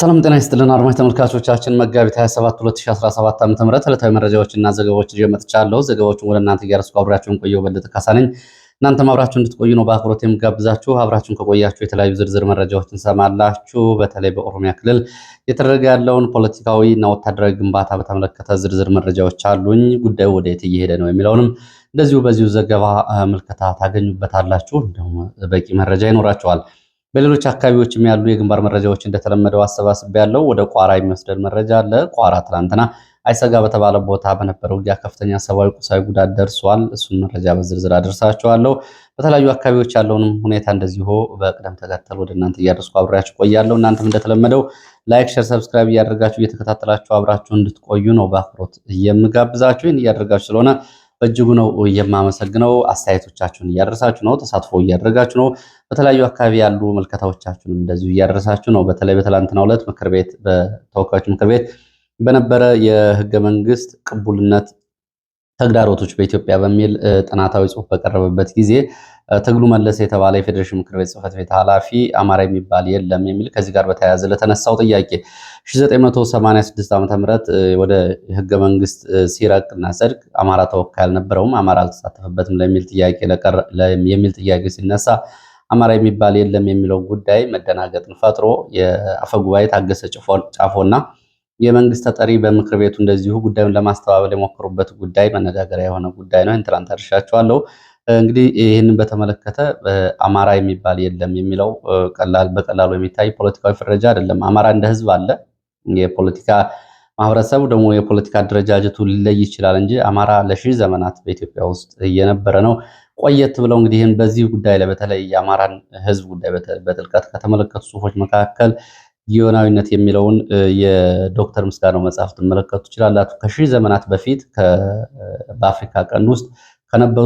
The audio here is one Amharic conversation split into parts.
ሰላም ጤና ይስጥልን አድማጭ ተመልካቾቻችን፣ መጋቢት 27 2017 ዓ.ም ዕለታዊ እና ዘገባዎች ይዤ መጥቻለሁ። ዘገባዎቹን ወደ እናንተ እያደረስኩ አብሬያችሁን ቆየሁ። በለጠ ካሳ ነኝ። እናንተም አብራችሁ እንድትቆዩ ነው በአክብሮት የምጋብዛችሁ። አብራችሁን ከቆያችሁ የተለያዩ ዝርዝር መረጃዎች እንሰማላችሁ። በተለይ በኦሮሚያ ክልል እየተደረገ ያለውን ፖለቲካዊ እና ወታደራዊ ግንባታ በተመለከተ ዝርዝር መረጃዎች አሉኝ። ጉዳዩ ወደ የት እየሄደ ነው የሚለውንም እንደዚሁ በዚሁ ዘገባ ምልከታ ታገኙበታላችሁ። እንዲሁም በቂ መረጃ ይኖራችኋል። በሌሎች አካባቢዎችም ያሉ የግንባር መረጃዎች እንደተለመደው አሰባስብ ያለው ወደ ቋራ የሚወስደን መረጃ አለ። ቋራ ትላንትና አይሰጋ በተባለ ቦታ በነበረው ውጊያ ከፍተኛ ሰብአዊ፣ ቁሳዊ ጉዳት ደርሷል። እሱን መረጃ በዝርዝር አድርሳቸዋለሁ። በተለያዩ አካባቢዎች ያለውንም ሁኔታ እንደዚሁ በቅደም ተከተል ወደ እናንተ እያደረስኩ አብሬያችሁ ቆያለሁ። እናንተም እንደተለመደው ላይክ፣ ሸር፣ ሰብስክራይብ እያደረጋችሁ እየተከታተላችሁ አብራችሁ እንድትቆዩ ነው በአክብሮት እየምጋብዛችሁ። ይህን እያደረጋችሁ ስለሆነ በእጅጉ ነው የማመሰግነው። አስተያየቶቻችሁን እያደረሳችሁ ነው፣ ተሳትፎ እያደረጋችሁ ነው። በተለያዩ አካባቢ ያሉ መልከታዎቻችሁን እንደዚሁ እያደረሳችሁ ነው። በተለይ በትላንትናው ዕለት ምክር ቤት በተወካዮች ምክር ቤት በነበረ የህገ መንግስት ቅቡልነት ተግዳሮቶች በኢትዮጵያ በሚል ጥናታዊ ጽሁፍ በቀረበበት ጊዜ ትግሉ መለሰ የተባለ የፌዴሬሽን ምክር ቤት ጽህፈት ቤት ኃላፊ አማራ የሚባል የለም የሚል ከዚህ ጋር በተያያዘ ለተነሳው ጥያቄ 1986 ዓ ም ወደ ህገ መንግስት ሲረቅ እና ጸድቅ አማራ ተወካይ አልነበረውም፣ አማራ አልተሳተፈበትም የሚል ጥያቄ ሲነሳ አማራ የሚባል የለም የሚለው ጉዳይ መደናገጥን ፈጥሮ የአፈ ጉባኤ ታገሰ ጫፎና የመንግስት ተጠሪ በምክር ቤቱ እንደዚሁ ጉዳዩን ለማስተባበል የሞከሩበት ጉዳይ መነጋገሪያ የሆነ ጉዳይ ነው። ትላንት አድርሻችኋለሁ። እንግዲህ ይህንን በተመለከተ አማራ የሚባል የለም የሚለው በቀላሉ የሚታይ ፖለቲካዊ ፍረጃ አይደለም። አማራ እንደ ህዝብ አለ። የፖለቲካ ማህበረሰቡ ደግሞ የፖለቲካ አደረጃጀቱ ሊለይ ይችላል እንጂ አማራ ለሺህ ዘመናት በኢትዮጵያ ውስጥ እየነበረ ነው። ቆየት ብለው እንግዲህ ይህን በዚህ ጉዳይ ላይ በተለይ የአማራን ህዝብ ጉዳይ በጥልቀት ከተመለከቱ ጽሁፎች መካከል ጊዮናዊነት የሚለውን የዶክተር ምስጋናው መጽሐፍ ትመለከቱ ትችላላችሁ። ከሺህ ዘመናት በፊት በአፍሪካ ቀንድ ውስጥ ከነበሩ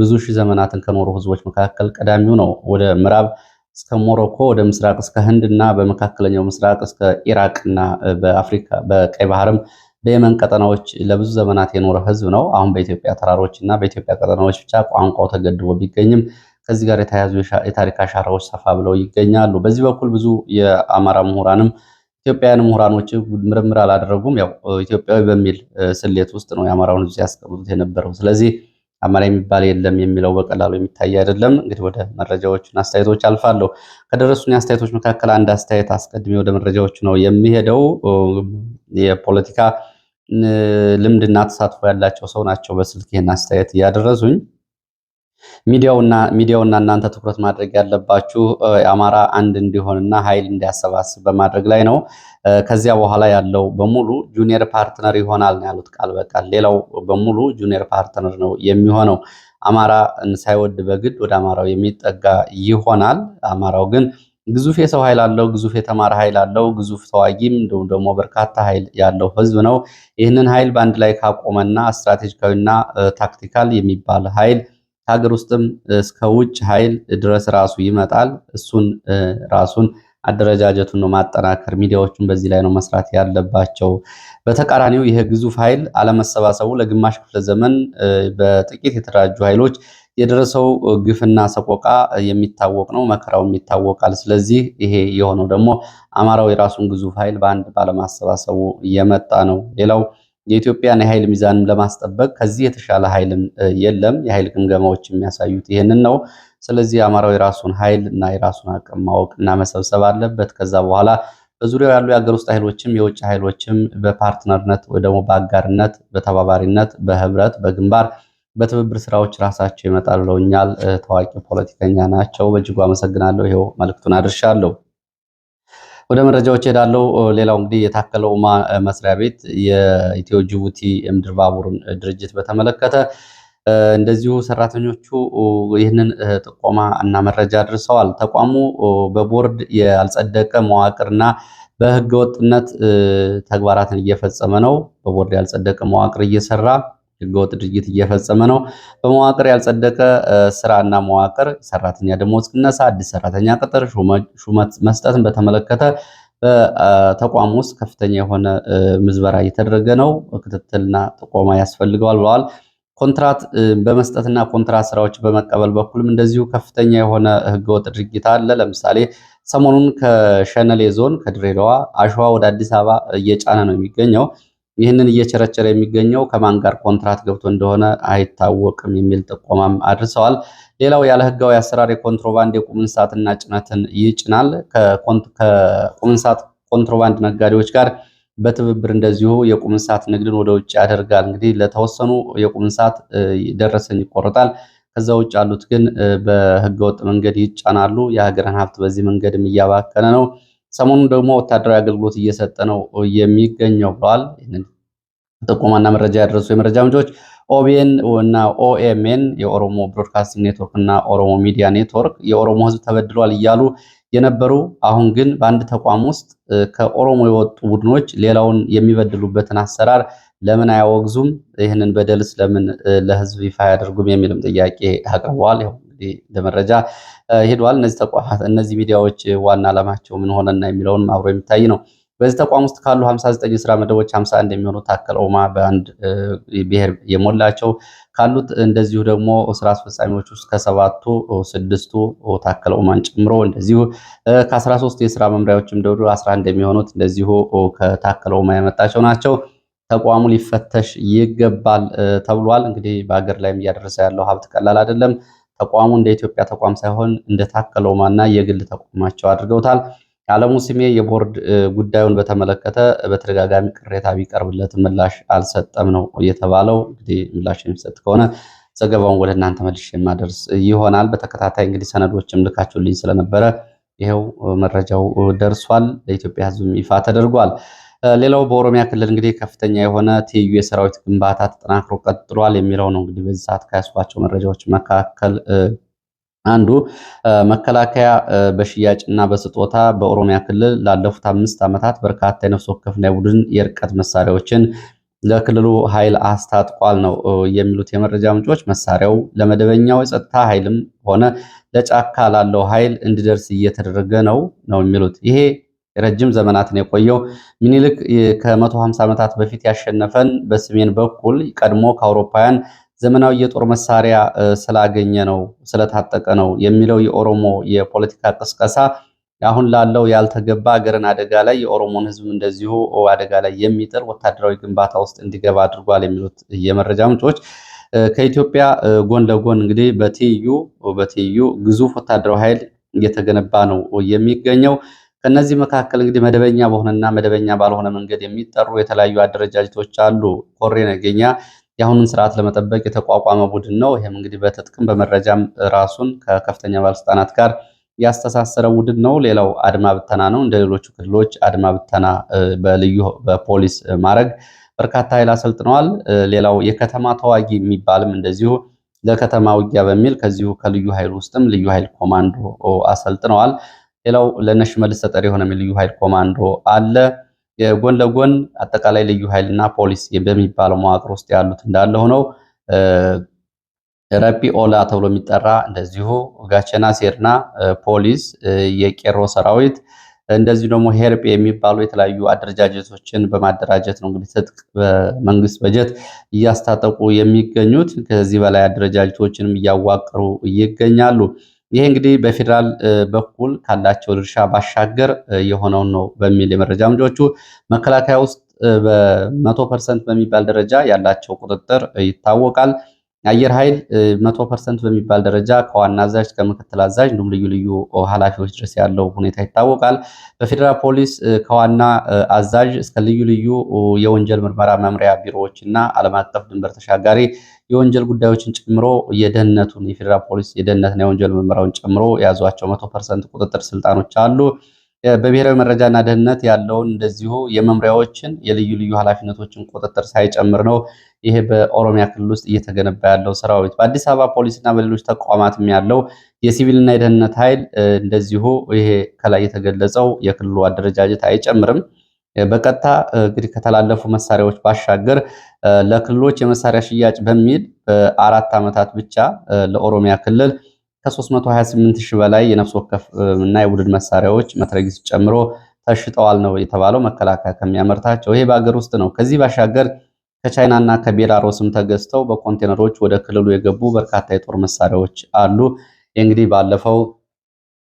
ብዙ ሺህ ዘመናትን ከኖሩ ህዝቦች መካከል ቀዳሚው ነው። ወደ ምዕራብ እስከ ሞሮኮ፣ ወደ ምስራቅ እስከ ህንድ እና በመካከለኛው ምስራቅ እስከ ኢራቅ እና በአፍሪካ በቀይ ባህርም በየመን ቀጠናዎች ለብዙ ዘመናት የኖረ ህዝብ ነው። አሁን በኢትዮጵያ ተራሮች እና በኢትዮጵያ ቀጠናዎች ብቻ ቋንቋው ተገድቦ ቢገኝም ከዚህ ጋር የተያያዙ የታሪክ አሻራዎች ሰፋ ብለው ይገኛሉ። በዚህ በኩል ብዙ የአማራ ምሁራንም ኢትዮጵያውያን ምሁራኖች ምርምር አላደረጉም። ያው ኢትዮጵያዊ በሚል ስሌት ውስጥ ነው የአማራውን ህዝብ ሲያስቀምጡት የነበረው። ስለዚህ አማራ የሚባል የለም የሚለው በቀላሉ የሚታይ አይደለም። እንግዲህ ወደ መረጃዎቹን አስተያየቶች አልፋለሁ። ከደረሱን አስተያየቶች መካከል አንድ አስተያየት አስቀድሜ ወደ መረጃዎቹ ነው የሚሄደው። የፖለቲካ ልምድና ተሳትፎ ያላቸው ሰው ናቸው በስልክ ይህን አስተያየት እያደረሱኝ ሚዲያውና ሚዲያውና እናንተ ትኩረት ማድረግ ያለባችሁ አማራ አንድ እንዲሆንና ኃይል እንዲያሰባስብ በማድረግ ላይ ነው። ከዚያ በኋላ ያለው በሙሉ ጁኒየር ፓርትነር ይሆናል ነው ያሉት ቃል በቃል። ሌላው በሙሉ ጁኒየር ፓርትነር ነው የሚሆነው። አማራ ሳይወድ በግድ ወደ አማራው የሚጠጋ ይሆናል። አማራው ግን ግዙፍ የሰው ኃይል አለው፣ ግዙፍ የተማረ ኃይል አለው፣ ግዙፍ ተዋጊም እንዲሁም ደግሞ በርካታ ኃይል ያለው ህዝብ ነው። ይህንን ኃይል በአንድ ላይ ካቆመና ስትራቴጂካዊና ታክቲካል የሚባል ኃይል ከሀገር ውስጥም እስከ ውጭ ኃይል ድረስ ራሱ ይመጣል። እሱን ራሱን አደረጃጀቱን ነው ማጠናከር። ሚዲያዎቹን በዚህ ላይ ነው መስራት ያለባቸው። በተቃራኒው ይሄ ግዙፍ ኃይል አለመሰባሰቡ ለግማሽ ክፍለ ዘመን በጥቂት የተደራጁ ኃይሎች የደረሰው ግፍና ሰቆቃ የሚታወቅ ነው፣ መከራውም ይታወቃል። ስለዚህ ይሄ የሆነው ደግሞ አማራው የራሱን ግዙፍ ኃይል በአንድ ባለማሰባሰቡ የመጣ ነው። ሌላው የኢትዮጵያን የኃይል ሚዛን ለማስጠበቅ ከዚህ የተሻለ ኃይልም የለም። የኃይል ግምገማዎች የሚያሳዩት ይህንን ነው። ስለዚህ አማራው የራሱን ኃይል እና የራሱን አቅም ማወቅ እና መሰብሰብ አለበት። ከዛ በኋላ በዙሪያው ያሉ የሀገር ውስጥ ኃይሎችም የውጭ ኃይሎችም በፓርትነርነት ወይ ደግሞ በአጋርነት፣ በተባባሪነት፣ በህብረት፣ በግንባር፣ በትብብር ስራዎች ራሳቸው ብለውኛል ታዋቂ ፖለቲከኛ ናቸው። በእጅጉ አመሰግናለሁ። ይኸው መልእክቱን አድርሻለሁ። ወደ መረጃዎች ሄዳለው። ሌላው እንግዲህ የታከለ ኡማ መስሪያ ቤት የኢትዮ ጅቡቲ ምድር ባቡርን ድርጅት በተመለከተ እንደዚሁ ሰራተኞቹ ይህንን ጥቆማ እና መረጃ አድርሰዋል። ተቋሙ በቦርድ ያልጸደቀ መዋቅርና በህገ ወጥነት ተግባራትን እየፈጸመ ነው። በቦርድ ያልጸደቀ መዋቅር እየሰራ ህገወጥ ድርጊት እየፈጸመ ነው። በመዋቅር ያልጸደቀ ስራና መዋቅር ሰራተኛ ደሞዝ ቅነሳ፣ አዲስ ሰራተኛ ቅጥር፣ ሹመት መስጠትን በተመለከተ በተቋም ውስጥ ከፍተኛ የሆነ ምዝበራ እየተደረገ ነው። ክትትልና ጥቆማ ያስፈልገዋል ብለዋል። ኮንትራት በመስጠትና ኮንትራት ስራዎች በመቀበል በኩልም እንደዚሁ ከፍተኛ የሆነ ህገወጥ ድርጊት አለ። ለምሳሌ ሰሞኑን ከሸነሌ ዞን ከድሬዳዋ አሸዋ ወደ አዲስ አበባ እየጫነ ነው የሚገኘው ይህንን እየቸረቸረ የሚገኘው ከማን ጋር ኮንትራት ገብቶ እንደሆነ አይታወቅም የሚል ጥቆማም አድርሰዋል። ሌላው ያለ ህጋዊ አሰራር የኮንትሮባንድ የቁም እንስሳትና ጭነትን ይጭናል። ከቁም እንስሳት ኮንትሮባንድ ነጋዴዎች ጋር በትብብር እንደዚሁ የቁም እንስሳት ንግድን ወደ ውጭ ያደርጋል። እንግዲህ ለተወሰኑ የቁም እንስሳት ደረሰኝ ይቆረጣል። ከዛ ውጭ ያሉት ግን በህገወጥ መንገድ ይጫናሉ። የሀገርን ሀብት በዚህ መንገድም እያባከነ ነው። ሰሞኑን ደግሞ ወታደራዊ አገልግሎት እየሰጠ ነው የሚገኘው ብለዋል። ጥቆማና መረጃ ያደረሱ የመረጃ ምንጮች ኦቢኤን እና ኦኤምኤን የኦሮሞ ብሮድካስቲንግ ኔትወርክ እና ኦሮሞ ሚዲያ ኔትወርክ የኦሮሞ ሕዝብ ተበድሏል እያሉ የነበሩ አሁን ግን በአንድ ተቋም ውስጥ ከኦሮሞ የወጡ ቡድኖች ሌላውን የሚበድሉበትን አሰራር ለምን አያወግዙም? ይህንን በደልስ ለምን ለሕዝብ ይፋ አያደርጉም? የሚልም ጥያቄ አቅርበዋል። ለመረጃ ሄደዋል። እነዚህ ተቋማት እነዚህ ሚዲያዎች ዋና ዓላማቸው ምን ሆነና የሚለውን አብሮ የሚታይ ነው። በዚህ ተቋም ውስጥ ካሉ 59 የስራ መደቦች 51 የሚሆኑ ታከለ ኡማ በአንድ ብሔር የሞላቸው ካሉት እንደዚሁ ደግሞ ስራ አስፈጻሚዎች ውስጥ ከሰባቱ ስድስቱ ታከለ ኡማን ጨምሮ እንደዚሁ ከ13 የስራ መምሪያዎችም ደውዶ 11 የሚሆኑት እንደዚሁ ከታከለ ኡማ የመጣቸው ናቸው። ተቋሙ ሊፈተሽ ይገባል ተብሏል። እንግዲህ በሀገር ላይም እያደረሰ ያለው ሀብት ቀላል አይደለም። ተቋሙ እንደ ኢትዮጵያ ተቋም ሳይሆን እንደ ታከለውማና የግል ተቋማቸው አድርገውታል። አለሙ ስሜ የቦርድ ጉዳዩን በተመለከተ በተደጋጋሚ ቅሬታ ቢቀርብለት ምላሽ አልሰጠም ነው የተባለው። እንግዲህ ምላሽ የሚሰጥ ከሆነ ዘገባውን ወደ እናንተ መልሼ የማደርስ ይሆናል። በተከታታይ እንግዲህ ሰነዶችም ልካችሁልኝ ስለነበረ ይኸው መረጃው ደርሷል። ለኢትዮጵያ ሕዝብም ይፋ ተደርጓል። ሌላው በኦሮሚያ ክልል እንግዲህ ከፍተኛ የሆነ ትይዩ የሰራዊት ግንባታ ተጠናክሮ ቀጥሏል የሚለው ነው። እንግዲህ በዚህ ሰዓት ከያስባቸው መረጃዎች መካከል አንዱ መከላከያ በሽያጭና በስጦታ በኦሮሚያ ክልል ላለፉት አምስት ዓመታት በርካታ የነፍስ ወከፍና የቡድን የርቀት መሳሪያዎችን ለክልሉ ኃይል አስታጥቋል ነው የሚሉት የመረጃ ምንጮች። መሳሪያው ለመደበኛው የጸጥታ ኃይልም ሆነ ለጫካ ላለው ኃይል እንዲደርስ እየተደረገ ነው ነው የሚሉት ይሄ ረጅም ዘመናትን የቆየው ምኒልክ ከ150 ዓመታት በፊት ያሸነፈን በሰሜን በኩል ቀድሞ ከአውሮፓውያን ዘመናዊ የጦር መሳሪያ ስላገኘ ነው ስለታጠቀ ነው የሚለው የኦሮሞ የፖለቲካ ቅስቀሳ አሁን ላለው ያልተገባ አገርን አደጋ ላይ የኦሮሞን ሕዝብ እንደዚሁ አደጋ ላይ የሚጥል ወታደራዊ ግንባታ ውስጥ እንዲገባ አድርጓል የሚሉት የመረጃ ምንጮች ከኢትዮጵያ ጎን ለጎን እንግዲህ በትይዩ በትይዩ ግዙፍ ወታደራዊ ኃይል እየተገነባ ነው የሚገኘው። ከነዚህ መካከል እንግዲህ መደበኛ በሆነና መደበኛ ባልሆነ መንገድ የሚጠሩ የተለያዩ አደረጃጀቶች አሉ። ኮሬ ነገኛ የአሁኑን ስርዓት ለመጠበቅ የተቋቋመ ቡድን ነው። ይህም እንግዲህ በትጥቅም በመረጃም ራሱን ከከፍተኛ ባለስልጣናት ጋር ያስተሳሰረ ቡድን ነው። ሌላው አድማ ብተና ነው። እንደ ሌሎቹ ክልሎች አድማ ብተና በልዩ በፖሊስ ማድረግ በርካታ ኃይል አሰልጥነዋል። ሌላው የከተማ ተዋጊ የሚባልም እንደዚሁ ለከተማ ውጊያ በሚል ከዚሁ ከልዩ ኃይል ውስጥም ልዩ ኃይል ኮማንዶ አሰልጥነዋል። ሌላው ለነሽ መልስ ተጠሪ የሆነ ልዩ ኃይል ኮማንዶ አለ። ጎን ለጎን አጠቃላይ ልዩ ኃይልና ፖሊስ በሚባለው መዋቅር ውስጥ ያሉት እንዳለ ሆነው ረቢ ኦላ ተብሎ የሚጠራ እንደዚሁ ጋቸና ሴርና ፖሊስ፣ የቄሮ ሰራዊት እንደዚሁ ደግሞ ሄርፕ የሚባሉ የተለያዩ አደረጃጀቶችን በማደራጀት ነው እንግዲህ ትጥቅ በመንግስት በጀት እያስታጠቁ የሚገኙት። ከዚህ በላይ አደረጃጀቶችንም እያዋቀሩ ይገኛሉ። ይሄ እንግዲህ በፌዴራል በኩል ካላቸው ድርሻ ባሻገር የሆነውን ነው በሚል የመረጃ ምንጮቹ መከላከያ ውስጥ በመቶ ፐርሰንት በሚባል ደረጃ ያላቸው ቁጥጥር ይታወቃል። አየር ኃይል መቶ ፐርሰንት በሚባል ደረጃ ከዋና አዛዥ ከምክትል አዛዥ እንዲሁም ልዩ ልዩ ኃላፊዎች ድረስ ያለው ሁኔታ ይታወቃል። በፌዴራል ፖሊስ ከዋና አዛዥ እስከ ልዩ ልዩ የወንጀል ምርመራ መምሪያ ቢሮዎች እና ዓለም አቀፍ ድንበር ተሻጋሪ የወንጀል ጉዳዮችን ጨምሮ የደህንነቱን የፌዴራል ፖሊስ የደህንነትና የወንጀል ምርመራውን ጨምሮ የያዟቸው መቶ ፐርሰንት ቁጥጥር ስልጣኖች አሉ። በብሔራዊ መረጃና ደህንነት ያለውን እንደዚሁ የመምሪያዎችን የልዩ ልዩ ኃላፊነቶችን ቁጥጥር ሳይጨምር ነው። ይሄ በኦሮሚያ ክልል ውስጥ እየተገነባ ያለው ሰራዊት በአዲስ አበባ ፖሊስና በሌሎች ተቋማትም ያለው የሲቪልና የደህንነት ኃይል እንደዚሁ ይሄ ከላይ የተገለጸው የክልሉ አደረጃጀት አይጨምርም። በቀጥታ እንግዲህ ከተላለፉ መሳሪያዎች ባሻገር ለክልሎች የመሳሪያ ሽያጭ በሚል በአራት ዓመታት ብቻ ለኦሮሚያ ክልል ከ328 ሺህ በላይ የነፍስ ወከፍ እና የቡድን መሳሪያዎች መትረጊስ ጨምሮ ተሽጠዋል ነው የተባለው። መከላከያ ከሚያመርታቸው ይሄ በሀገር ውስጥ ነው። ከዚህ ባሻገር ከቻይና እና ከቤላሮስም ተገዝተው በኮንቴነሮች ወደ ክልሉ የገቡ በርካታ የጦር መሳሪያዎች አሉ። እንግዲህ ባለፈው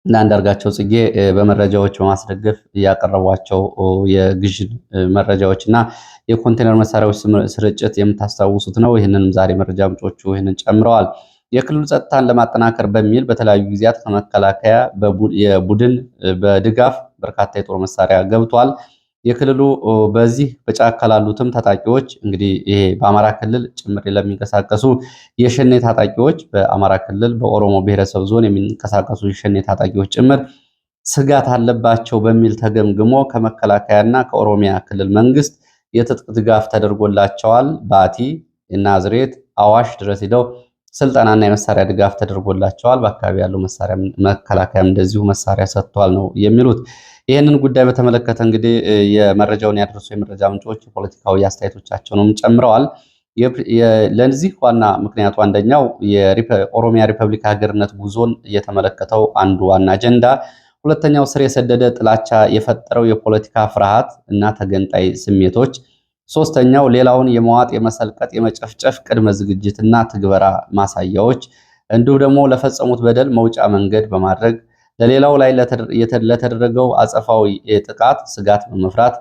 እና አንዳርጋቸው ጽጌ በመረጃዎች በማስደገፍ ያቀረቧቸው የግዥ መረጃዎች እና የኮንቴነር መሳሪያዎች ስርጭት የምታስታውሱት ነው። ይህንንም ዛሬ መረጃ ምንጮቹ ይህንን ጨምረዋል። የክልሉ ጸጥታን ለማጠናከር በሚል በተለያዩ ጊዜያት ከመከላከያ የቡድን በድጋፍ በርካታ የጦር መሳሪያ ገብቷል። የክልሉ በዚህ በጫካ ላሉትም ታጣቂዎች እንግዲህ ይሄ በአማራ ክልል ጭምር ለሚንቀሳቀሱ የሸኔ ታጣቂዎች በአማራ ክልል በኦሮሞ ብሔረሰብ ዞን የሚንቀሳቀሱ የሸኔ ታጣቂዎች ጭምር ስጋት አለባቸው በሚል ተገምግሞ ከመከላከያና ከኦሮሚያ ክልል መንግስት የትጥቅ ድጋፍ ተደርጎላቸዋል። ባቲ፣ ናዝሬት፣ አዋሽ ድረስ ሂደው ስልጠናና የመሳሪያ ድጋፍ ተደርጎላቸዋል። በአካባቢ ያሉ መሳሪያ መከላከያም እንደዚሁ መሳሪያ ሰጥቷል ነው የሚሉት። ይህንን ጉዳይ በተመለከተ እንግዲህ የመረጃውን ያደረሱ የመረጃ ምንጮች የፖለቲካዊ አስተያየቶቻቸውንም ጨምረዋል። ለዚህ ዋና ምክንያቱ አንደኛው የኦሮሚያ ሪፐብሊክ ሀገርነት ጉዞን እየተመለከተው አንዱ ዋና አጀንዳ፣ ሁለተኛው ስር የሰደደ ጥላቻ የፈጠረው የፖለቲካ ፍርሃት እና ተገንጣይ ስሜቶች ሶስተኛው ሌላውን የመዋጥ የመሰልቀጥ የመጨፍጨፍ ቅድመ ዝግጅትና ትግበራ ማሳያዎች እንዲሁም ደግሞ ለፈጸሙት በደል መውጫ መንገድ በማድረግ ለሌላው ላይ ለተደረገው አጸፋዊ ጥቃት ስጋት በመፍራት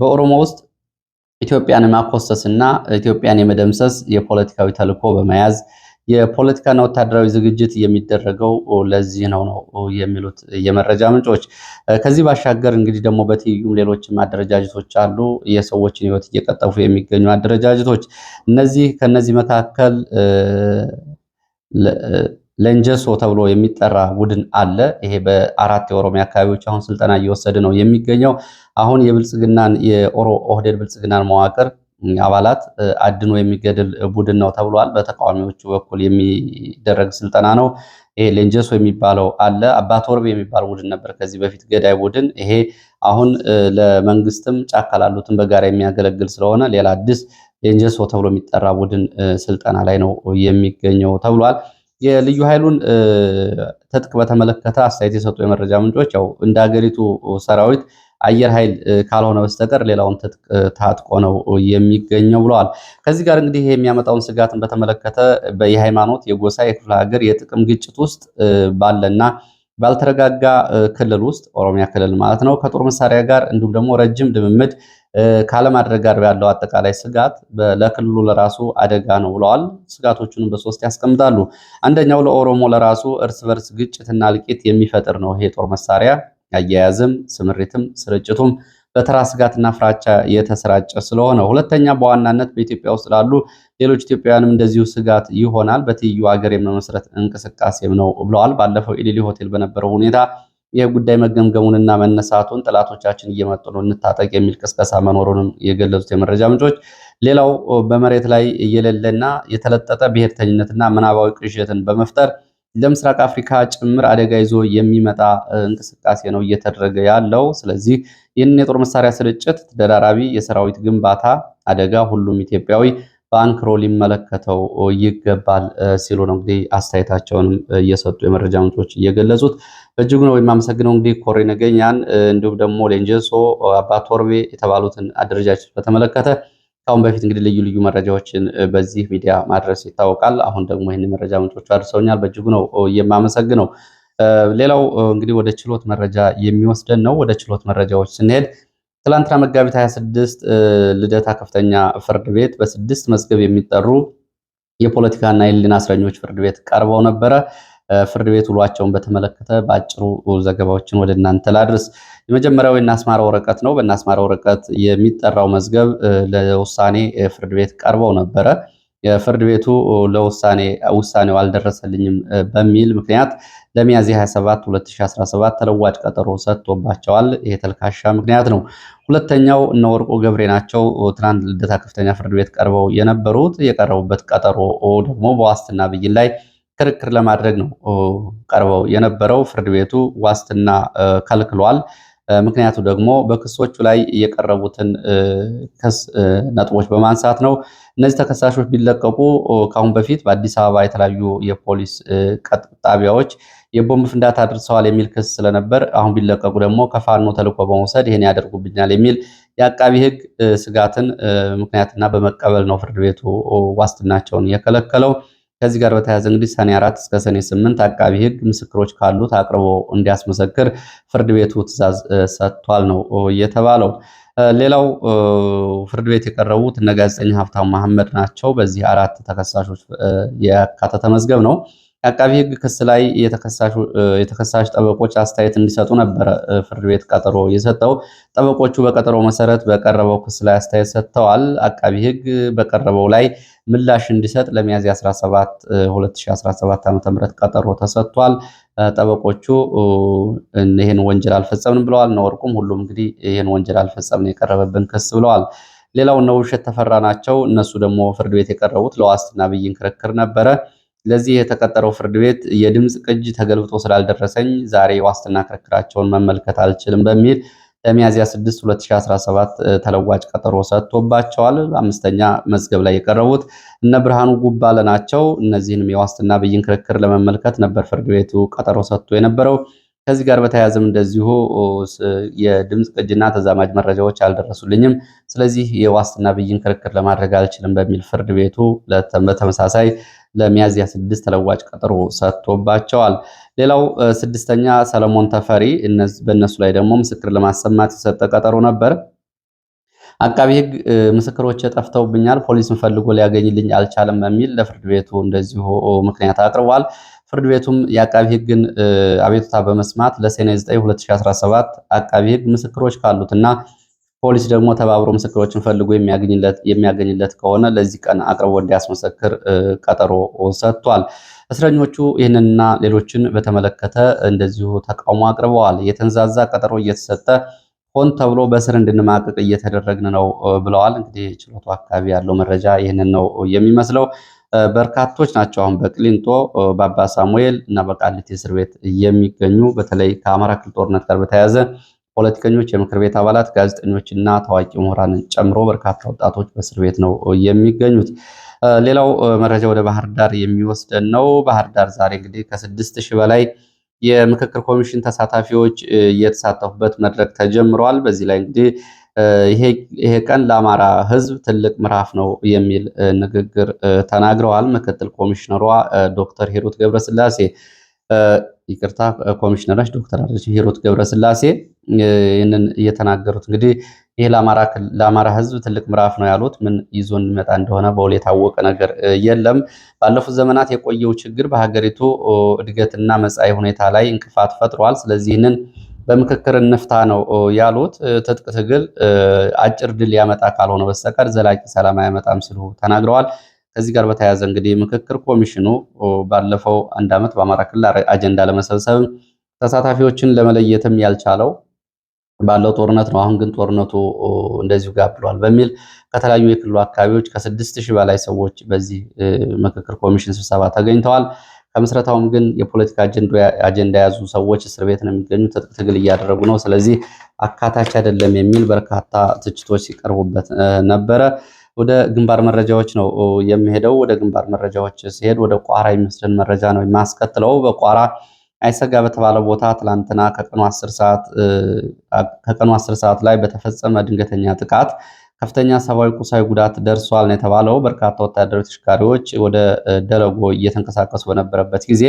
በኦሮሞ ውስጥ ኢትዮጵያን የማኮሰስና ኢትዮጵያን የመደምሰስ የፖለቲካዊ ተልዕኮ በመያዝ የፖለቲካና ወታደራዊ ዝግጅት የሚደረገው ለዚህ ነው ነው የሚሉት የመረጃ ምንጮች። ከዚህ ባሻገር እንግዲህ ደግሞ በትይዩም ሌሎችም አደረጃጀቶች አሉ፣ የሰዎችን ህይወት እየቀጠፉ የሚገኙ አደረጃጀቶች። እነዚህ ከነዚህ መካከል ለንጀሶ ተብሎ የሚጠራ ቡድን አለ። ይሄ በአራት የኦሮሚያ አካባቢዎች አሁን ስልጠና እየወሰደ ነው የሚገኘው። አሁን የብልጽግናን የኦሮ ኦህዴድ ብልጽግናን መዋቅር አባላት አድኖ የሚገድል ቡድን ነው ተብሏል። በተቃዋሚዎቹ በኩል የሚደረግ ስልጠና ነው። ይሄ ሌንጀሶ የሚባለው አለ። አባት ወርብ የሚባል ቡድን ነበር ከዚህ በፊት ገዳይ ቡድን። ይሄ አሁን ለመንግስትም ጫካ ላሉትም በጋራ የሚያገለግል ስለሆነ ሌላ አዲስ ሌንጀሶ ተብሎ የሚጠራ ቡድን ስልጠና ላይ ነው የሚገኘው ተብሏል። የልዩ ኃይሉን ትጥቅ በተመለከተ አስተያየት የሰጡ የመረጃ ምንጮች ያው እንደ ሀገሪቱ ሰራዊት አየር ኃይል ካልሆነ በስተቀር ሌላውን ታጥቆ ነው የሚገኘው ብለዋል። ከዚህ ጋር እንግዲህ ይሄ የሚያመጣውን ስጋትን በተመለከተ የሃይማኖት፣ የጎሳ፣ የክፍለ ሀገር የጥቅም ግጭት ውስጥ ባለና ባልተረጋጋ ክልል ውስጥ ኦሮሚያ ክልል ማለት ነው ከጦር መሳሪያ ጋር እንዲሁም ደግሞ ረጅም ልምምድ ካለማድረግ ጋር ያለው አጠቃላይ ስጋት ለክልሉ ለራሱ አደጋ ነው ብለዋል። ስጋቶቹንም በሶስት ያስቀምጣሉ። አንደኛው ለኦሮሞ ለራሱ እርስ በርስ ግጭትና እልቂት የሚፈጥር ነው ይሄ ጦር መሳሪያ አያያዝም ስምሪትም ስርጭቱም በተራ ስጋትና ፍራቻ የተሰራጨ ስለሆነ፣ ሁለተኛ በዋናነት በኢትዮጵያ ውስጥ ላሉ ሌሎች ኢትዮጵያውያንም እንደዚሁ ስጋት ይሆናል። በትይዩ ሀገር የመመስረት እንቅስቃሴም ነው ብለዋል። ባለፈው ኢሊሊ ሆቴል በነበረው ሁኔታ ይህ ጉዳይ መገምገሙንና መነሳቱን ጠላቶቻችን እየመጡ ነው እንታጠቅ የሚል ቅስቀሳ መኖሩንም የገለጹት የመረጃ ምንጮች፣ ሌላው በመሬት ላይ የሌለና የተለጠጠ ብሔርተኝነትና ምናባዊ ቅዠትን በመፍጠር ለምስራቅ አፍሪካ ጭምር አደጋ ይዞ የሚመጣ እንቅስቃሴ ነው እየተደረገ ያለው። ስለዚህ ይህንን የጦር መሳሪያ ስርጭት፣ ተደራራቢ የሰራዊት ግንባታ አደጋ ሁሉም ኢትዮጵያዊ በአንክሮ ሊመለከተው ይገባል ሲሉ ነው እንግዲህ አስተያየታቸውንም እየሰጡ የመረጃ ምንጮች እየገለጹት። በእጅጉ ነው የማመሰግነው እንግዲህ ኮሬ ነገኛን እንዲሁም ደግሞ ሌንጀሶ አባ ቶርቤ የተባሉትን አደረጃጀት በተመለከተ ከአሁን በፊት እንግዲህ ልዩ ልዩ መረጃዎችን በዚህ ሚዲያ ማድረስ ይታወቃል። አሁን ደግሞ ይህን መረጃ ምንጮቹ አድርሰውኛል። በእጅጉ ነው የማመሰግነው። ሌላው እንግዲህ ወደ ችሎት መረጃ የሚወስደን ነው። ወደ ችሎት መረጃዎች ስንሄድ ትላንትና መጋቢት 26 ልደታ ከፍተኛ ፍርድ ቤት በስድስት መዝገብ የሚጠሩ የፖለቲካና የሕሊና እስረኞች ፍርድ ቤት ቀርበው ነበረ። ፍርድ ቤት ውሏቸውን በተመለከተ በአጭሩ ዘገባዎችን ወደ እናንተ ላድርስ። የመጀመሪያው የናስማራ ወረቀት ነው። በናስማራ ወረቀት የሚጠራው መዝገብ ለውሳኔ ፍርድ ቤት ቀርበው ነበረ። ፍርድ ቤቱ ለውሳኔ ውሳኔው አልደረሰልኝም በሚል ምክንያት ለሚያዝያ 27 2017 ተለዋጭ ቀጠሮ ሰጥቶባቸዋል። ይሄ ተልካሻ ምክንያት ነው። ሁለተኛው እነ ወርቆ ገብሬ ናቸው። ትናንት ልደታ ከፍተኛ ፍርድ ቤት ቀርበው የነበሩት የቀረቡበት ቀጠሮ ደግሞ በዋስትና ብይን ላይ ክርክር ለማድረግ ነው ቀርበው የነበረው። ፍርድ ቤቱ ዋስትና ከልክሏል። ምክንያቱ ደግሞ በክሶቹ ላይ የቀረቡትን ክስ ነጥቦች በማንሳት ነው። እነዚህ ተከሳሾች ቢለቀቁ ከአሁን በፊት በአዲስ አበባ የተለያዩ የፖሊስ ጣቢያዎች የቦምብ ፍንዳታ አድርሰዋል የሚል ክስ ስለነበር አሁን ቢለቀቁ ደግሞ ከፋኖ ተልኮ በመውሰድ ይሄን ያደርጉብኛል የሚል የአቃቢ ሕግ ስጋትን ምክንያትና በመቀበል ነው ፍርድ ቤቱ ዋስትናቸውን የከለከለው። ከዚህ ጋር በተያያዘ እንግዲህ ሰኔ አራት እስከ ሰኔ ስምንት አቃቢ ህግ ምስክሮች ካሉት አቅርቦ እንዲያስመሰክር ፍርድ ቤቱ ትእዛዝ ሰጥቷል ነው የተባለው። ሌላው ፍርድ ቤት የቀረቡት እነ ጋዜጠኛ ሀብታሙ መሐመድ ናቸው። በዚህ አራት ተከሳሾች ያካተተ መዝገብ ነው። የአቃቢ ህግ ክስ ላይ የተከሳሽ ጠበቆች አስተያየት እንዲሰጡ ነበረ ፍርድ ቤት ቀጠሮ የሰጠው። ጠበቆቹ በቀጠሮ መሰረት በቀረበው ክስ ላይ አስተያየት ሰጥተዋል። አቃቢ ህግ በቀረበው ላይ ምላሽ እንዲሰጥ ለሚያዝያ 17 2017 ዓ ም ቀጠሮ ተሰጥቷል። ጠበቆቹ ይህን ወንጀል አልፈጸምንም ብለዋል። ነወርቁም ሁሉም እንግዲህ ይህን ወንጀል አልፈጸምን የቀረበብን ክስ ብለዋል። ሌላው ነው ውሸት ተፈራ ናቸው። እነሱ ደግሞ ፍርድ ቤት የቀረቡት ለዋስትና ብይን ክርክር ነበረ። ለዚህ የተቀጠረው ፍርድ ቤት የድምፅ ቅጅ ተገልብጦ ስላልደረሰኝ ዛሬ ዋስትና ክርክራቸውን መመልከት አልችልም በሚል ለሚያዝያ 6 2017 ተለዋጭ ቀጠሮ ሰጥቶባቸዋል። አምስተኛ መዝገብ ላይ የቀረቡት እነ ብርሃኑ ጉባለ ናቸው። እነዚህንም የዋስትና ብይን ክርክር ለመመልከት ነበር ፍርድ ቤቱ ቀጠሮ ሰጥቶ የነበረው። ከዚህ ጋር በተያያዘም እንደዚሁ የድምፅ ቅጅና ተዛማጅ መረጃዎች አልደረሱልኝም፣ ስለዚህ የዋስትና ብይን ክርክር ለማድረግ አልችልም በሚል ፍርድ ቤቱ በተመሳሳይ ለሚያዝያ ስድስት ተለዋጭ ቀጠሮ ሰጥቶባቸዋል። ሌላው ስድስተኛ ሰለሞን ተፈሪ፣ በእነሱ ላይ ደግሞ ምስክር ለማሰማት የሰጠ ቀጠሮ ነበር። አቃቢ ሕግ ምስክሮች ጠፍተውብኛል፣ ፖሊስም ፈልጎ ሊያገኝልኝ አልቻለም በሚል ለፍርድ ቤቱ እንደዚሁ ምክንያት አቅርቧል። ፍርድ ቤቱም የአቃቢ ሕግን አቤቱታ በመስማት ለሰኔ 9 2017 አቃቢ ሕግ ምስክሮች ካሉትና ፖሊስ ደግሞ ተባብሮ ምስክሮችን ፈልጎ የሚያገኝለት ከሆነ ለዚህ ቀን አቅርቦ እንዲያስመሰክር ቀጠሮ ሰጥቷል። እስረኞቹ ይህንንና ሌሎችን በተመለከተ እንደዚሁ ተቃውሞ አቅርበዋል። የተንዛዛ ቀጠሮ እየተሰጠ ሆን ተብሎ በስር እንድንማቅቅ እየተደረግን ነው ብለዋል። እንግዲህ ችሎቱ አካባቢ ያለው መረጃ ይህንን ነው የሚመስለው። በርካቶች ናቸው አሁን በቅሊንጦ በአባ ሳሙኤል እና በቃሊቲ እስር ቤት የሚገኙ በተለይ ከአማራ ክልል ጦርነት ጋር በተያያዘ ፖለቲከኞች፣ የምክር ቤት አባላት፣ ጋዜጠኞች እና ታዋቂ ምሁራንን ጨምሮ በርካታ ወጣቶች በእስር ቤት ነው የሚገኙት። ሌላው መረጃ ወደ ባህር ዳር የሚወስደን ነው። ባህር ዳር ዛሬ እንግዲህ ከስድስት ሺህ በላይ የምክክር ኮሚሽን ተሳታፊዎች የተሳተፉበት መድረክ ተጀምሯል። በዚህ ላይ እንግዲህ ይሄ ቀን ለአማራ ሕዝብ ትልቅ ምዕራፍ ነው የሚል ንግግር ተናግረዋል ምክትል ኮሚሽነሯ ዶክተር ሂሩት ገብረስላሴ ይቅርታ ኮሚሽነራች ዶክተር ሄሮት ሂሩት ገብረስላሴ ይህንን እየተናገሩት እንግዲህ ይህ ለአማራ ህዝብ ትልቅ ምዕራፍ ነው ያሉት ምን ይዞ እንዲመጣ እንደሆነ በውል የታወቀ ነገር የለም። ባለፉት ዘመናት የቆየው ችግር በሀገሪቱ እድገትና መጻኢ ሁኔታ ላይ እንቅፋት ፈጥሯል። ስለዚህ ይህንን በምክክር እንፍታ ነው ያሉት። ትጥቅ ትግል አጭር ድል ያመጣ ካልሆነ በስተቀር ዘላቂ ሰላም አያመጣም ሲሉ ተናግረዋል። ከዚህ ጋር በተያያዘ እንግዲህ ምክክር ኮሚሽኑ ባለፈው አንድ ዓመት በአማራ ክልል አጀንዳ ለመሰብሰብ ተሳታፊዎችን ለመለየትም ያልቻለው ባለው ጦርነት ነው። አሁን ግን ጦርነቱ እንደዚሁ ጋር ብሏል። በሚል ከተለያዩ የክልሉ አካባቢዎች ከስድስት ሺህ በላይ ሰዎች በዚህ ምክክር ኮሚሽን ስብሰባ ተገኝተዋል። ከምስረታውም ግን የፖለቲካ አጀንዳ የያዙ ሰዎች እስር ቤት ነው የሚገኙ፣ ትጥቅ ትግል እያደረጉ ነው፣ ስለዚህ አካታች አይደለም የሚል በርካታ ትችቶች ሲቀርቡበት ነበረ። ወደ ግንባር መረጃዎች ነው የሚሄደው። ወደ ግንባር መረጃዎች ሲሄድ ወደ ቋራ የሚወስደን መረጃ ነው የማስከትለው። በቋራ አይሰጋ በተባለ ቦታ ትላንትና ከቀኑ አስር ሰዓት ላይ በተፈጸመ ድንገተኛ ጥቃት ከፍተኛ ሰብአዊ፣ ቁሳዊ ጉዳት ደርሷል ነው የተባለው። በርካታ ወታደራዊ ተሽከርካሪዎች ወደ ደለጎ እየተንቀሳቀሱ በነበረበት ጊዜ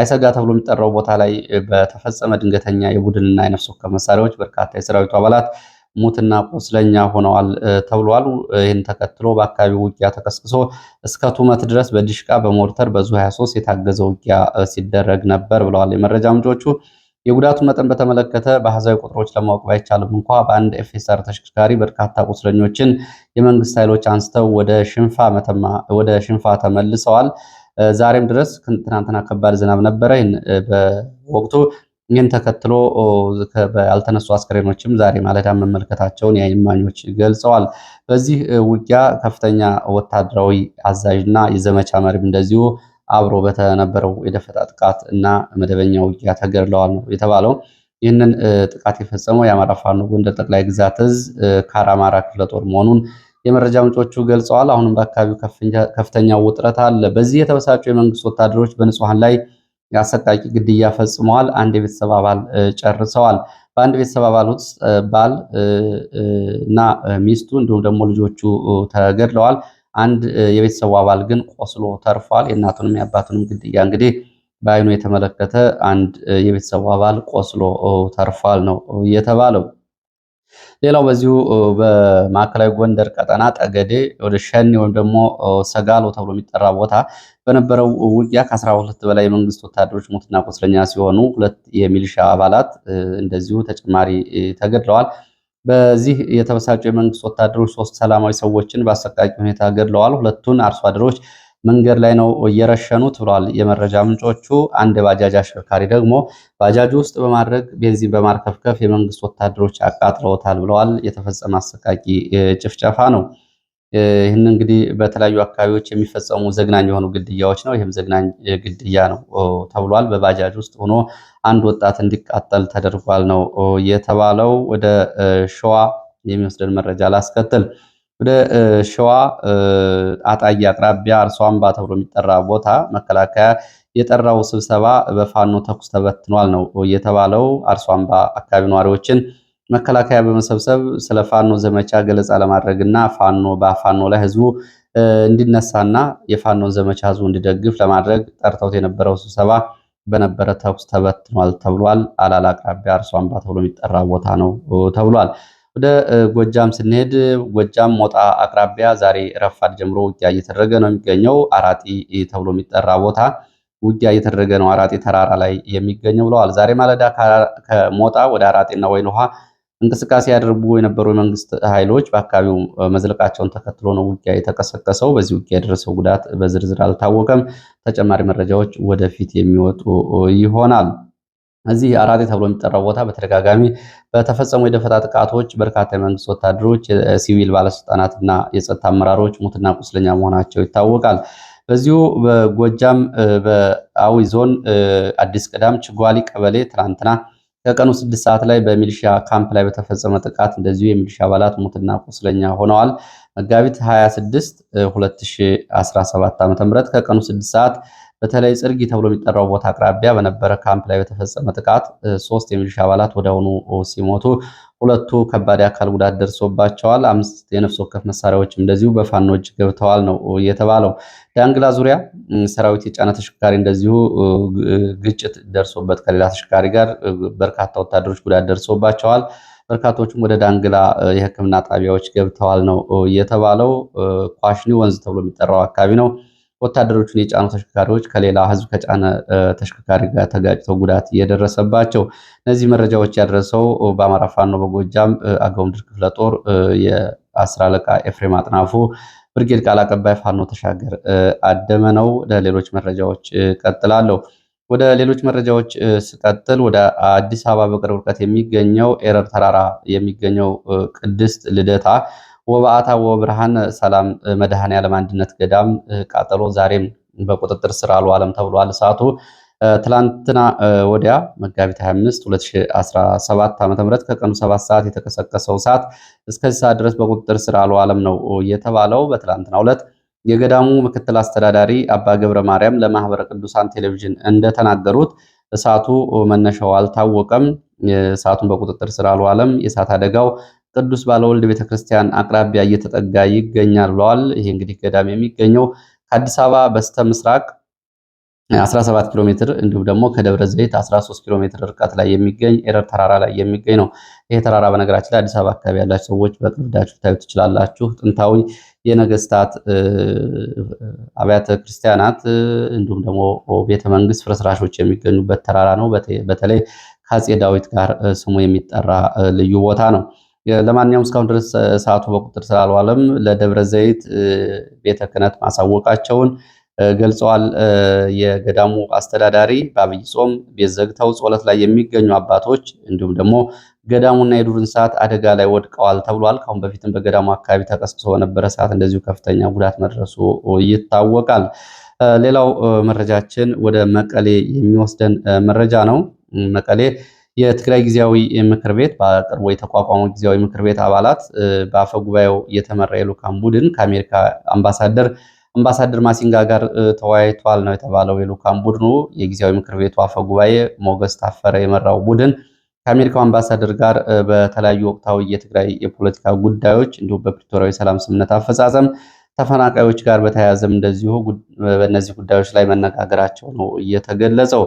አይሰጋ ተብሎ የሚጠራው ቦታ ላይ በተፈጸመ ድንገተኛ የቡድንና የነፍስ ወከፍ መሳሪያዎች በርካታ የሰራዊቱ አባላት ሙትና ቁስለኛ ሆነዋል ተብሏል። ይህን ተከትሎ በአካባቢው ውጊያ ተቀስቅሶ እስከ ቱመት ድረስ በዲሽቃ በሞርተር በዙ 23 የታገዘ ውጊያ ሲደረግ ነበር ብለዋል የመረጃ ምንጮቹ። የጉዳቱ መጠን በተመለከተ በአሃዛዊ ቁጥሮች ለማወቅ ባይቻልም እንኳ በአንድ ኤፌሰር ተሽከርካሪ በርካታ ቁስለኞችን የመንግስት ኃይሎች አንስተው ወደ ሽንፋ ተመልሰዋል። ዛሬም ድረስ ትናንትና ከባድ ዝናብ ነበረ። በወቅቱ ይህን ተከትሎ ያልተነሱ አስክሬኖችም ዛሬ ማለዳ መመልከታቸውን የዓይን እማኞች ገልጸዋል። በዚህ ውጊያ ከፍተኛ ወታደራዊ አዛዥና የዘመቻ መሪም እንደዚሁ አብሮ በተነበረው የደፈጣ ጥቃት እና መደበኛ ውጊያ ተገድለዋል ነው የተባለው። ይህንን ጥቃት የፈጸመው የአማራ ፋኖ ጎንደር ጠቅላይ ግዛት እዝ ከአራማራ ክፍለ ጦር መሆኑን የመረጃ ምንጮቹ ገልጸዋል። አሁንም በአካባቢው ከፍተኛ ውጥረት አለ። በዚህ የተበሳጩ የመንግስት ወታደሮች በንጹሐን ላይ አሰቃቂ ግድያ ፈጽመዋል። አንድ የቤተሰብ አባል ጨርሰዋል። በአንድ ቤተሰብ አባል ውስጥ ባል እና ሚስቱ እንዲሁም ደግሞ ልጆቹ ተገድለዋል። አንድ የቤተሰቡ አባል ግን ቆስሎ ተርፏል። የእናቱንም የአባቱንም ግድያ እንግዲህ በአይኑ የተመለከተ አንድ የቤተሰቡ አባል ቆስሎ ተርፏል ነው የተባለው። ሌላው በዚሁ በማዕከላዊ ጎንደር ቀጠና ጠገዴ ወደ ሸኔ ወይም ደግሞ ሰጋሎ ተብሎ የሚጠራ ቦታ በነበረው ውጊያ ከአስራ ሁለት በላይ የመንግስት ወታደሮች ሞትና ቁስለኛ ሲሆኑ ሁለት የሚሊሻ አባላት እንደዚሁ ተጨማሪ ተገድለዋል። በዚህ የተበሳጩ የመንግስት ወታደሮች ሶስት ሰላማዊ ሰዎችን በአሰቃቂ ሁኔታ ገድለዋል። ሁለቱን አርሶ አደሮች መንገድ ላይ ነው እየረሸኑት ብሏል የመረጃ ምንጮቹ። አንድ ባጃጅ አሽከርካሪ ደግሞ ባጃጅ ውስጥ በማድረግ ቤንዚን በማርከፍከፍ የመንግስት ወታደሮች አቃጥለውታል ብለዋል። የተፈጸመ አሰቃቂ ጭፍጨፋ ነው። ይህን እንግዲህ በተለያዩ አካባቢዎች የሚፈጸሙ ዘግናኝ የሆኑ ግድያዎች ነው። ይህም ዘግናኝ ግድያ ነው ተብሏል። በባጃጅ ውስጥ ሆኖ አንድ ወጣት እንዲቃጠል ተደርጓል ነው የተባለው። ወደ ሸዋ የሚወስደን መረጃ ላስከትል። ወደ ሸዋ አጣዬ አቅራቢያ አርሶ አምባ ተብሎ የሚጠራ ቦታ መከላከያ የጠራው ስብሰባ በፋኖ ተኩስ ተበትኗል ነው የተባለው። አርሶ አምባ አካባቢ ነዋሪዎችን መከላከያ በመሰብሰብ ስለ ፋኖ ዘመቻ ገለጻ ለማድረግ እና ፋኖ በፋኖ ላይ ህዝቡ እንዲነሳና የፋኖን ዘመቻ ህዝቡ እንዲደግፍ ለማድረግ ጠርተውት የነበረው ስብሰባ በነበረ ተኩስ ተበትኗል ተብሏል። አላላ አቅራቢያ አርሶ አምባ ተብሎ የሚጠራ ቦታ ነው ተብሏል። ወደ ጎጃም ስንሄድ ጎጃም ሞጣ አቅራቢያ ዛሬ ረፋድ ጀምሮ ውጊያ እየተደረገ ነው የሚገኘው። አራጢ ተብሎ የሚጠራ ቦታ ውጊያ እየተደረገ ነው። አራጢ ተራራ ላይ የሚገኘው ብለዋል። ዛሬ ማለዳ ከሞጣ ወደ አራጢና ወይን ውሃ እንቅስቃሴ ያደርጉ የነበሩ የመንግስት ኃይሎች በአካባቢው መዝለቃቸውን ተከትሎ ነው ውጊያ የተቀሰቀሰው። በዚህ ውጊያ የደረሰው ጉዳት በዝርዝር አልታወቀም። ተጨማሪ መረጃዎች ወደፊት የሚወጡ ይሆናል። እዚህ አራቴ ተብሎ የሚጠራው ቦታ በተደጋጋሚ በተፈጸሙ የደፈጣ ጥቃቶች በርካታ የመንግስት ወታደሮች፣ የሲቪል ባለስልጣናትና የጸጥታ አመራሮች ሙትና ቁስለኛ መሆናቸው ይታወቃል። በዚሁ በጎጃም በአዊ ዞን አዲስ ቅዳም ችጓሊ ቀበሌ ትናንትና ከቀኑ ስድስት ሰዓት ላይ በሚሊሻ ካምፕ ላይ በተፈጸመ ጥቃት እንደዚሁ የሚሊሻ አባላት ሙትና ቁስለኛ ሆነዋል። መጋቢት 26 2017 ዓ.ም ከቀኑ ስድስት ሰዓት በተለይ ጽርጊ ተብሎ የሚጠራው ቦታ አቅራቢያ በነበረ ካምፕ ላይ በተፈጸመ ጥቃት ሶስት የሚሊሻ አባላት ወዲያውኑ ሲሞቱ ሁለቱ ከባድ አካል ጉዳት ደርሶባቸዋል። አምስት የነፍስ ወከፍ መሳሪያዎች እንደዚሁ በፋኖች ገብተዋል ነው የተባለው። ዳንግላ ዙሪያ ሰራዊት የጫነ ተሽከርካሪ እንደዚሁ ግጭት ደርሶበት ከሌላ ተሽከርካሪ ጋር በርካታ ወታደሮች ጉዳት ደርሶባቸዋል። በርካቶቹም ወደ ዳንግላ የሕክምና ጣቢያዎች ገብተዋል ነው የተባለው። ኳሽኒ ወንዝ ተብሎ የሚጠራው አካባቢ ነው ወታደሮቹን የጫኑ ተሽከርካሪዎች ከሌላ ህዝብ ከጫነ ተሽከርካሪ ጋር ተጋጭተው ጉዳት የደረሰባቸው። እነዚህ መረጃዎች ያደረሰው በአማራ ፋኖ በጎጃም አገው ምድር ክፍለ ጦር የአስር አለቃ ኤፍሬም አጥናፉ ብርጌድ ቃል አቀባይ ፋኖ ተሻገር አደመ ነው። ለሌሎች መረጃዎች ቀጥላለሁ። ወደ ሌሎች መረጃዎች ስቀጥል ወደ አዲስ አበባ በቅርብ ርቀት የሚገኘው ኤረር ተራራ የሚገኘው ቅድስት ልደታ ወበአታ ወብርሃን ሰላም መድኃኔ ዓለም አንድነት ገዳም ቃጠሎ ዛሬም በቁጥጥር ስር አልዋለም ተብሏል። እሳቱ ትላንትና ወዲያ መጋቢት 25 2017 ም ከቀኑ 7 ሰዓት የተቀሰቀሰው ሰዓት እስከዚህ ሰዓት ድረስ በቁጥጥር ስር አልዋለም ነው የተባለው። በትላንትና ዕለት የገዳሙ ምክትል አስተዳዳሪ አባ ገብረ ማርያም ለማህበረ ቅዱሳን ቴሌቪዥን እንደተናገሩት እሳቱ መነሻው አልታወቀም። እሳቱን በቁጥጥር ስር አልዋለም። የእሳት አደጋው ቅዱስ ባለወልድ ቤተክርስቲያን አቅራቢያ እየተጠጋ ይገኛል ብለዋል። ይሄ እንግዲህ ገዳም የሚገኘው ከአዲስ አበባ በስተ ምስራቅ 17 ኪሎ ሜትር እንዲሁም ደግሞ ከደብረ ዘይት 13 ኪሎ ሜትር ርቀት ላይ የሚገኝ ኤረር ተራራ ላይ የሚገኝ ነው። ይሄ ተራራ በነገራችን ላይ አዲስ አበባ አካባቢ ያላችሁ ሰዎች በቅርብ ዳችሁ ትችላላችሁ። ጥንታዊ የነገስታት አብያተ ክርስቲያናት እንዲሁም ደግሞ ቤተመንግስት ፍርስራሾች የሚገኙበት ተራራ ነው። በተለይ ከአፄ ዳዊት ጋር ስሙ የሚጠራ ልዩ ቦታ ነው። ለማንኛውም እስካሁን ድረስ ሰዓቱ በቁጥር ስላልዋለም ለደብረ ዘይት ቤተ ክህነት ማሳወቃቸውን ገልጸዋል። የገዳሙ አስተዳዳሪ በአብይ ጾም ቤት ዘግተው ጸሎት ላይ የሚገኙ አባቶች እንዲሁም ደግሞ ገዳሙና የዱር እንስሳት አደጋ ላይ ወድቀዋል ተብሏል። ካሁን በፊትም በገዳሙ አካባቢ ተቀስቅሶ በነበረ ሰዓት እንደዚሁ ከፍተኛ ጉዳት መድረሱ ይታወቃል። ሌላው መረጃችን ወደ መቀሌ የሚወስደን መረጃ ነው። መቀሌ የትግራይ ጊዜያዊ ምክር ቤት በቅርቡ የተቋቋመው ጊዜያዊ ምክር ቤት አባላት በአፈ ጉባኤው የተመራ የልዑካን ቡድን ከአሜሪካ አምባሳደር አምባሳደር ማሲንጋ ጋር ተወያይቷል ነው የተባለው። የልዑካን ቡድኑ የጊዜያዊ ምክር ቤቱ አፈ ጉባኤ ሞገስ ታፈረ የመራው ቡድን ከአሜሪካው አምባሳደር ጋር በተለያዩ ወቅታዊ የትግራይ የፖለቲካ ጉዳዮች እንዲሁም በፕሪቶሪያዊ ሰላም ስምምነት አፈጻጸም ተፈናቃዮች ጋር በተያያዘም እንደዚሁ በእነዚህ ጉዳዮች ላይ መነጋገራቸው ነው እየተገለጸው።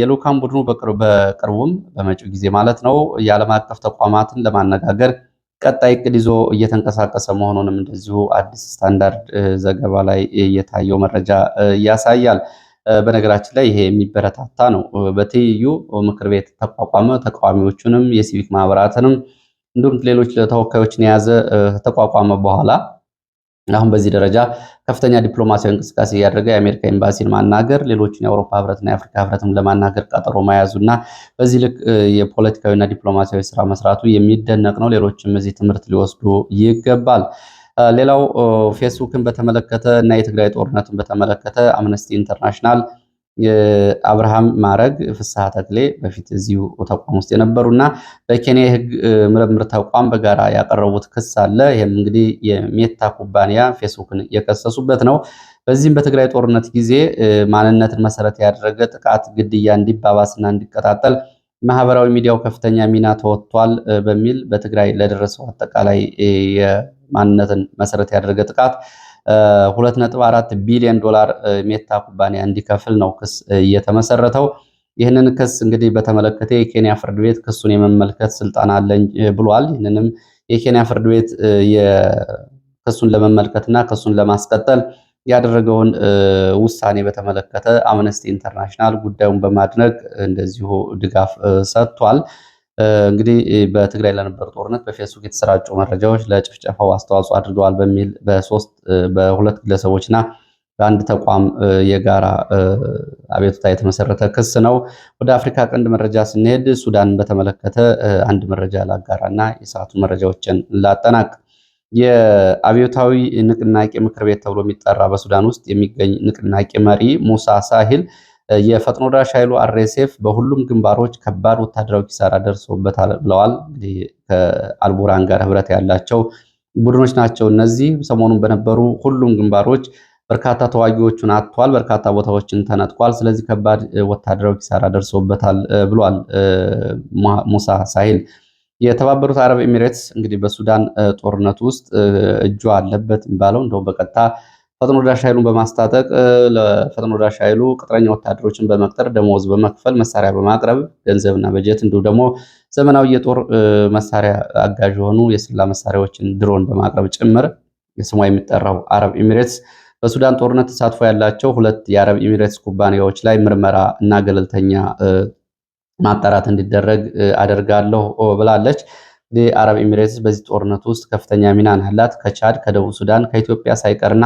የልዑካን ቡድኑ በቅርቡም በመጪው ጊዜ ማለት ነው የዓለም አቀፍ ተቋማትን ለማነጋገር ቀጣይ እቅድ ይዞ እየተንቀሳቀሰ መሆኑንም እንደዚሁ አዲስ ስታንዳርድ ዘገባ ላይ እየታየው መረጃ ያሳያል። በነገራችን ላይ ይሄ የሚበረታታ ነው። በትይዩ ምክር ቤት ተቋቋመ። ተቃዋሚዎቹንም የሲቪክ ማህበራትንም እንዲሁም ሌሎች ተወካዮችን የያዘ ተቋቋመ በኋላ አሁን በዚህ ደረጃ ከፍተኛ ዲፕሎማሲያዊ እንቅስቃሴ እያደረገ የአሜሪካ ኤምባሲን ማናገር ሌሎችን የአውሮፓ ህብረትና የአፍሪካ ህብረትም ለማናገር ቀጠሮ መያዙና በዚህ ልክ የፖለቲካዊና ዲፕሎማሲያዊ ስራ መስራቱ የሚደነቅ ነው። ሌሎችም እዚህ ትምህርት ሊወስዱ ይገባል። ሌላው ፌስቡክን በተመለከተ እና የትግራይ ጦርነትን በተመለከተ አምነስቲ ኢንተርናሽናል አብርሃም ማረግ፣ ፍስሐ ተክሌ በፊት እዚሁ ተቋም ውስጥ የነበሩና በኬንያ የህግ ምርምር ተቋም በጋራ ያቀረቡት ክስ አለ። ይህም እንግዲህ የሜታ ኩባንያ ፌስቡክን የከሰሱበት ነው። በዚህም በትግራይ ጦርነት ጊዜ ማንነትን መሰረት ያደረገ ጥቃት፣ ግድያ እንዲባባስና እንዲቀጣጠል ማህበራዊ ሚዲያው ከፍተኛ ሚና ተወጥቷል በሚል በትግራይ ለደረሰው አጠቃላይ የማንነትን መሰረት ያደረገ ጥቃት 2.4 ቢሊዮን ዶላር ሜታ ኩባንያ እንዲከፍል ነው ክስ እየተመሰረተው። ይህንን ክስ እንግዲህ በተመለከተ የኬንያ ፍርድ ቤት ክሱን የመመልከት ስልጣን አለኝ ብሏል። ይህንንም የኬንያ ፍርድ ቤት ክሱን ለመመልከትና ክሱን ለማስቀጠል ያደረገውን ውሳኔ በተመለከተ አምነስቲ ኢንተርናሽናል ጉዳዩን በማድነቅ እንደዚሁ ድጋፍ ሰጥቷል። እንግዲህ በትግራይ ለነበሩ ጦርነት በፌስቡክ የተሰራጩ መረጃዎች ለጭፍጨፋው አስተዋጽኦ አድርገዋል በሚል በሶስት በሁለት ግለሰቦች እና በአንድ ተቋም የጋራ አቤቱታ የተመሰረተ ክስ ነው። ወደ አፍሪካ ቀንድ መረጃ ስንሄድ ሱዳንን በተመለከተ አንድ መረጃ ላጋራ እና የሰዓቱ መረጃዎችን ላጠናቅ። የአብዮታዊ ንቅናቄ ምክር ቤት ተብሎ የሚጠራ በሱዳን ውስጥ የሚገኝ ንቅናቄ መሪ ሙሳ ሳሂል የፈጥኖ ደራሽ ኃይሉ አርኤስኤፍ በሁሉም ግንባሮች ከባድ ወታደራዊ ኪሳራ ደርሶበታል ብለዋል። እንግዲህ ከአልቡርሃን ጋር ህብረት ያላቸው ቡድኖች ናቸው እነዚህ። ሰሞኑን በነበሩ ሁሉም ግንባሮች በርካታ ተዋጊዎቹን አጥቷል፣ በርካታ ቦታዎችን ተነጥቋል። ስለዚህ ከባድ ወታደራዊ ኪሳራ ደርሶበታል ብሏል ሙሳ ሳሂል። የተባበሩት አረብ ኤሚሬትስ እንግዲህ በሱዳን ጦርነት ውስጥ እጇ አለበት የሚባለው እንደው በቀጥታ ፈጥኖ ዳሽ ኃይሉን በማስታጠቅ ለፈጥኖ ዳሽ ኃይሉ ቅጥረኛ ወታደሮችን በመቅጠር ደሞዝ በመክፈል መሳሪያ በማቅረብ ገንዘብና በጀት እንዲሁም ደግሞ ዘመናዊ የጦር መሳሪያ አጋዥ የሆኑ የስላ መሳሪያዎችን ድሮን በማቅረብ ጭምር ስሟ የሚጠራው አረብ ኤሚሬትስ በሱዳን ጦርነት ተሳትፎ ያላቸው ሁለት የአረብ ኤሚሬትስ ኩባንያዎች ላይ ምርመራ እና ገለልተኛ ማጣራት እንዲደረግ አደርጋለሁ ብላለች። የአረብ ኤሚሬትስ በዚህ ጦርነት ውስጥ ከፍተኛ ሚናን አላት። ከቻድ፣ ከደቡብ ሱዳን፣ ከኢትዮጵያ ሳይቀርና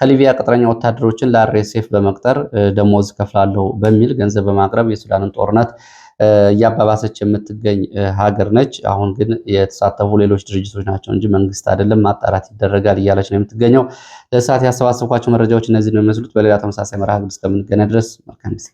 ከሊቢያ ቅጥረኛ ወታደሮችን ለአርኤስኤፍ በመቅጠር ደሞዝ ከፍላለሁ በሚል ገንዘብ በማቅረብ የሱዳንን ጦርነት እያባባሰች የምትገኝ ሀገር ነች። አሁን ግን የተሳተፉ ሌሎች ድርጅቶች ናቸው እንጂ መንግስት አይደለም፣ ማጣራት ይደረጋል እያለች ነው የምትገኘው። ለሰዓት ያሰባሰብኳቸው መረጃዎች እነዚህ ነው የሚመስሉት። በሌላ ተመሳሳይ መርሃ ግብር እስከምንገናኝ ድረስ መልካም ጊዜ